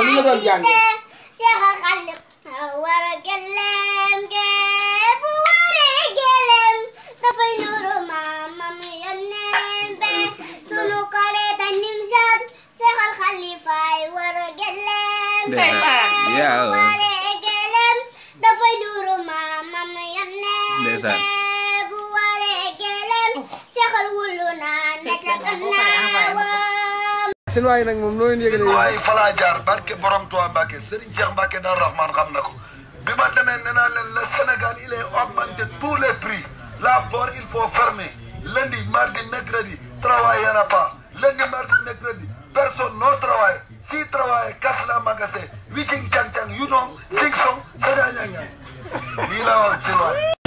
yow li nga doon jàngee. ndeysaan seen waay nag moom noo leen yëgalee waay fa jaar barke borom Touba Mbacke Serigne Cheikh Mbacke Dar Rahman xam na ko bi ma demee nee naa leen le Sénégal il est augmenté tous les prix la porte il faut fermer lundi mardi mercredi travail y'en a pas lundi mardi mercredi personne non travail si travail casse la magasin wi cing cang cang yu sing song sa daa ñang ñang lii laa